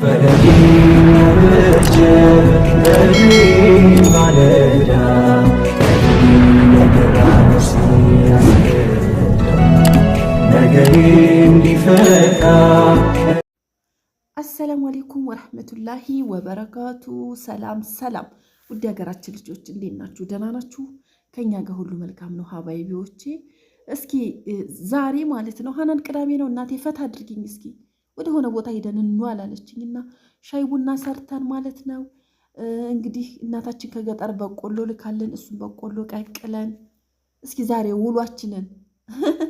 አሰላሙ አሌይኩም ወረህመቱላሂ ወበረካቱ። ሰላም ሰላም፣ ውድ ሀገራችን ልጆች እንዴት ናችሁ? ደህና ናችሁ? ከኛ ጋር ሁሉ መልካም ነው። ሀባይቢዎቼ እስኪ ዛሬ ማለት ነው ሀናን ቅዳሜ ነው እናቴ ፈታ አድርጊኝ እስኪ ወደሆነ ቦታ ሄደን እንዋል አለችኝ እና ሻይ ቡና ሰርተን ማለት ነው እንግዲህ እናታችን ከገጠር በቆሎ ልካለን። እሱን በቆሎ ቀቅለን እስኪ ዛሬ ውሏችንን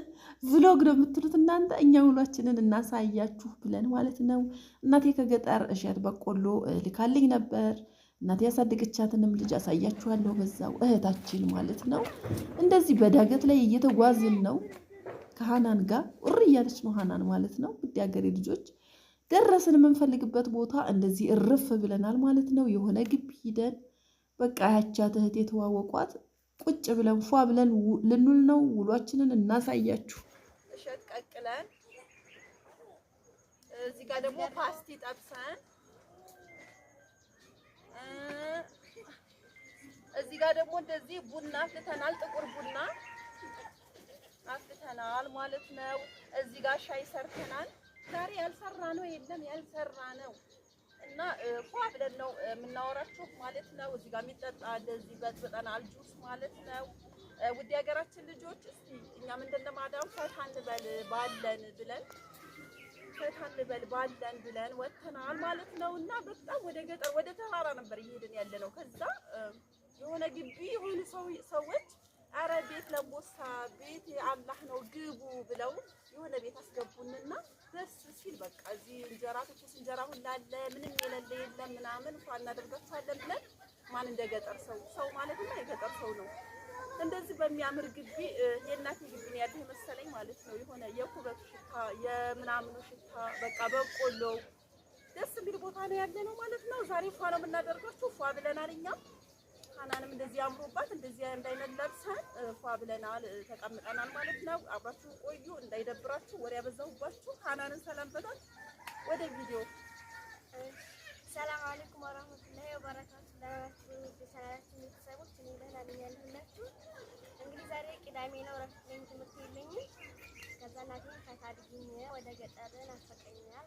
ቭሎግ ነው የምትሉት እናንተ፣ እኛ ውሏችንን እናሳያችሁ ብለን ማለት ነው። እናቴ ከገጠር እሸት በቆሎ ልካልኝ ነበር። እናቴ ያሳደገቻትንም ልጅ አሳያችኋለሁ፣ በዛው እህታችን ማለት ነው። እንደዚህ በዳገት ላይ እየተጓዝን ነው። ከሀናን ጋር እር እያለች ነው ሃናን ማለት ነው። ውድ ሀገሬ ልጆች ደረስን የምንፈልግበት ቦታ እንደዚህ እርፍ ብለናል ማለት ነው። የሆነ ግቢ ሂደን በቃ ያቻ እህት የተዋወቋት ቁጭ ብለን ፏ ብለን ልንውል ነው። ውሏችንን እናሳያችሁ። እሸት ቀቅለን እዚህ ጋር ደግሞ ፓስቲ ጠብሰን እዚህ ጋር ደግሞ እንደዚህ ቡና ፍልተናል፣ ጥቁር ቡና አፍልተናል ማለት ነው። እዚህ ጋር ሻይ ሰርተናል። ዛሬ ያልሰራ ነው የለም ያልሰራ ነው እና ፏ ብለን ነው የምናወራችሁ ማለት ነው። እዚህ ጋር የሚጠጣ እንደዚህ በጥብጠናል ጁስ ማለት ነው። ውድ ሀገራችን ልጆች እስቲ እኛም እንደማዳም ፈታ እንበል ባለን ብለን ፈታ እንበል ባለን ብለን ወጥተናል ማለት ነው እና በጣም ወደ ገጠር ወደ ተራራ ነበር እየሄድን ያለ ነው። ከዛ የሆነ ግቢ የሆኑ ሰዎች አረ ቤት ለምቦሳ ቤት አላህ ነው ግቡ ብለው የሆነ ቤት አስገቡንና ደስ ሲል በቃ እዚህ እንጀራ ትኩስ እንጀራ ሁላ ምንም የሌለ የለም ምናምን እንኳን እናደርጋችኋለን ብለን ማን እንደ ገጠር ሰው ሰው ማለት ነው የገጠር ሰው ነው። እንደዚህ በሚያምር ግቢ የእናቴ ግቢ ነው ያለህ መሰለኝ ማለት ነው። የሆነ የኩበቱ ሽታ የምናምኑ ሽታ በቃ በቆሎው ደስ የሚል ቦታ ነው ያለ ነው ማለት ነው። ዛሬ ፏ ነው የምናደርጋችሁ ፏ ብለናል እኛም ሀናንም እንደዚህ አምሮባት እንደዚህ እንዳይነት ለብሰን ፏ ብለናል፣ ተቀምጠናል ማለት ነው። አብራችሁ ቆዩ፣ እንዳይደብራችሁ። ወሬ ያበዛሁባችሁ። ሀናንን ሰላም በሏት። ወደ ቪዲዮ ሰላም አለይኩም ወራህመቱላሂ ወበረካቱ። ለሰላላችን ቤተሰቦች እኔ ደህና ነኝ ያልኩላችሁ። እንግዲህ ዛሬ ቅዳሜ ነው፣ እረፍት ነኝ፣ ትምህርት የለኝም። ከዛ እናቴ ከታድግኝ ወደ ገጠርን አስፈቀኛል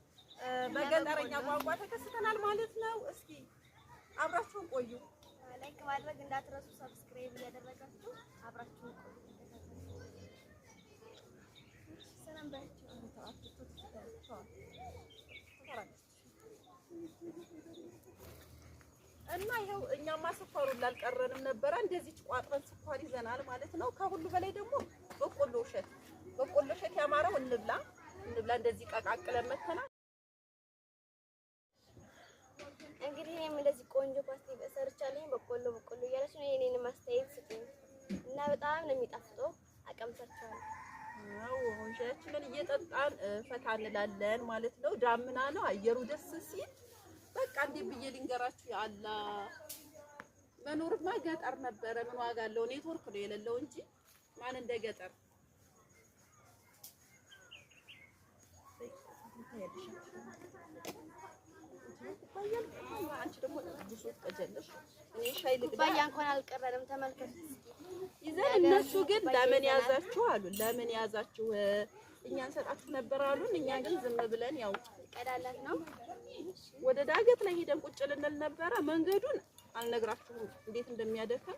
በገጠረኛ ቋንቋ ተከስተናል ማለት ነው። እስኪ አብራችሁን ቆዩ። ላይክ ማድረግ እንዳትረሱ፣ ሰብስክራይብ እያደረጋችሁ አብራችሁን ቆዩ። እና ይኸው እኛማ ስኳሩ ላልቀረንም ነበረ። እንደዚህ ቋጥረን ስኳር ይዘናል ማለት ነው። ከሁሉ በላይ ደግሞ በቆሎ እሸት በቆሎ እሸት ያማረው እንብላ እንብላ። እንደዚህ ቀቃቅለን መተናል። እንደዚህ ቆንጆ ፓስቲ ሰርቻለኝ በቆሎ በቆሎ እያለች ነው። የኔን ማስተያየት ስጡኝ እና በጣም ነው የሚጣፍጠው። አቀምሳችኋለሁ። አዎ ሻያችንን እየጠጣን ፈታ እንላለን ማለት ነው። ዳምና ነው አየሩ ደስ ሲል በቃ እንዴ ብዬ ልንገራችሁ። ያላ መኖርማ ገጠር ነበረ ምን ዋጋ አለው? ኔትወርክ ነው የሌለው እንጂ ማን እንደ ገጠር ኩባያ እንኳን አልቀረንም። ተመልከት ይዘን እነሱ ግን ለምን ያዛችሁ አሉ ለምን ያዛችሁ እኛ እንሰጣችሁ ነበር አሉን። እኛ ግን ዝም ብለን ያው ቀዳላት ነው። ወደ ዳገት ላይ ሄደን ቁጭ ልንል ነበረ። መንገዱን አልነግራችሁም እንዴት እንደሚያደከም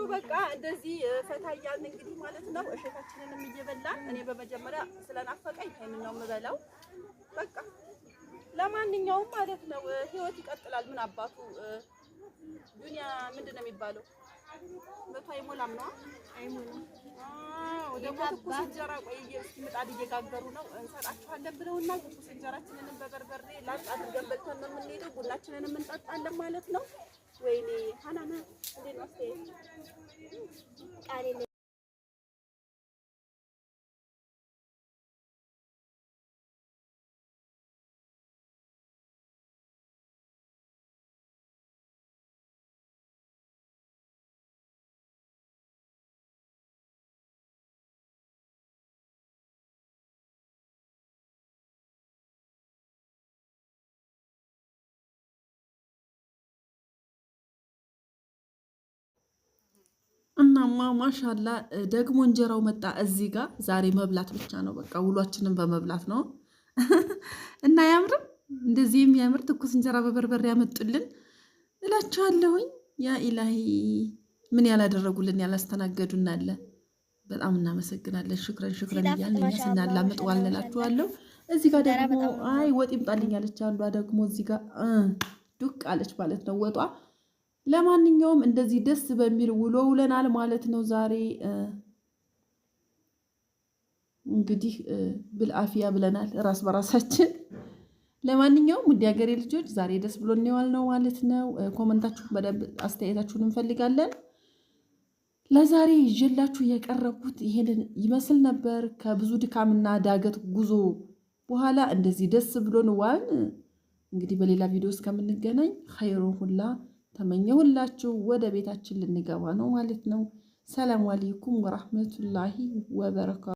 ናችሁ። በቃ እንደዚህ ፈታ እያልን እንግዲህ ማለት ነው እሸታችንንም እየበላን እኔ በመጀመሪያ ስለናፈቀኝ ይሄንን ነው የምበላው። በቃ ለማንኛውም ማለት ነው ህይወት ይቀጥላል። ምን አባቱ ዱንያ ምንድን ነው የሚባለው? መቶ አይሞላም ነው አይሞላም። ደግሞ ትኩስ እንጀራ ቆይ ምጣድ እየጋገሩ ነው እንሰጣችኋለን ብለውና ትኩስ እንጀራችንንም በበርበሬ ላጥ አድርገን በልተን ነው የምንሄደው። ቡናችንንም እንጠጣለን ማለት ነው። ወይኔ ሀናና እንዴት ነው? al እናማ ማሻላ ደግሞ እንጀራው መጣ። እዚህ ጋር ዛሬ መብላት ብቻ ነው በቃ ውሏችንም በመብላት ነው። እና ያምርም እንደዚህ የሚያምር ትኩስ እንጀራ በበርበሬ ያመጡልን እላቸዋለሁኝ። ያ ኢላሂ ምን ያላደረጉልን ያላስተናገዱን አለ። በጣም እናመሰግናለን። ሽክረን ሽክረን እያልን እኛ ስናላምጥ ዋልን እላችኋለሁ። እዚህ ጋር ደግሞ አይ ወጥ ይምጣልኝ ያለች አንዷ ደግሞ እዚህ ጋር ዱቅ አለች ማለት ነው ወጧ ለማንኛውም እንደዚህ ደስ በሚል ውሎ ውለናል ማለት ነው ዛሬ እንግዲህ ብልአፊያ ብለናል ራስ በራሳችን። ለማንኛውም ውድ ሀገሬ ልጆች ዛሬ ደስ እንየዋል ነው ማለት ነው። ኮመንታችሁን በደንብ አስተያየታችሁን እንፈልጋለን። ለዛሬ ይዤላችሁ የቀረብኩት ይሄንን ይመስል ነበር። ከብዙ ድካምና ዳገት ጉዞ በኋላ እንደዚህ ደስ ብሎን ዋል። እንግዲህ በሌላ ቪዲዮ እስከምንገናኝ ኸይሮ ሁላ ተመኘሁላችሁ። ወደ ቤታችን ልንገባ ነው ማለት ነው። ሰላም አለይኩም ወራህመቱላሂ ወበረካቱ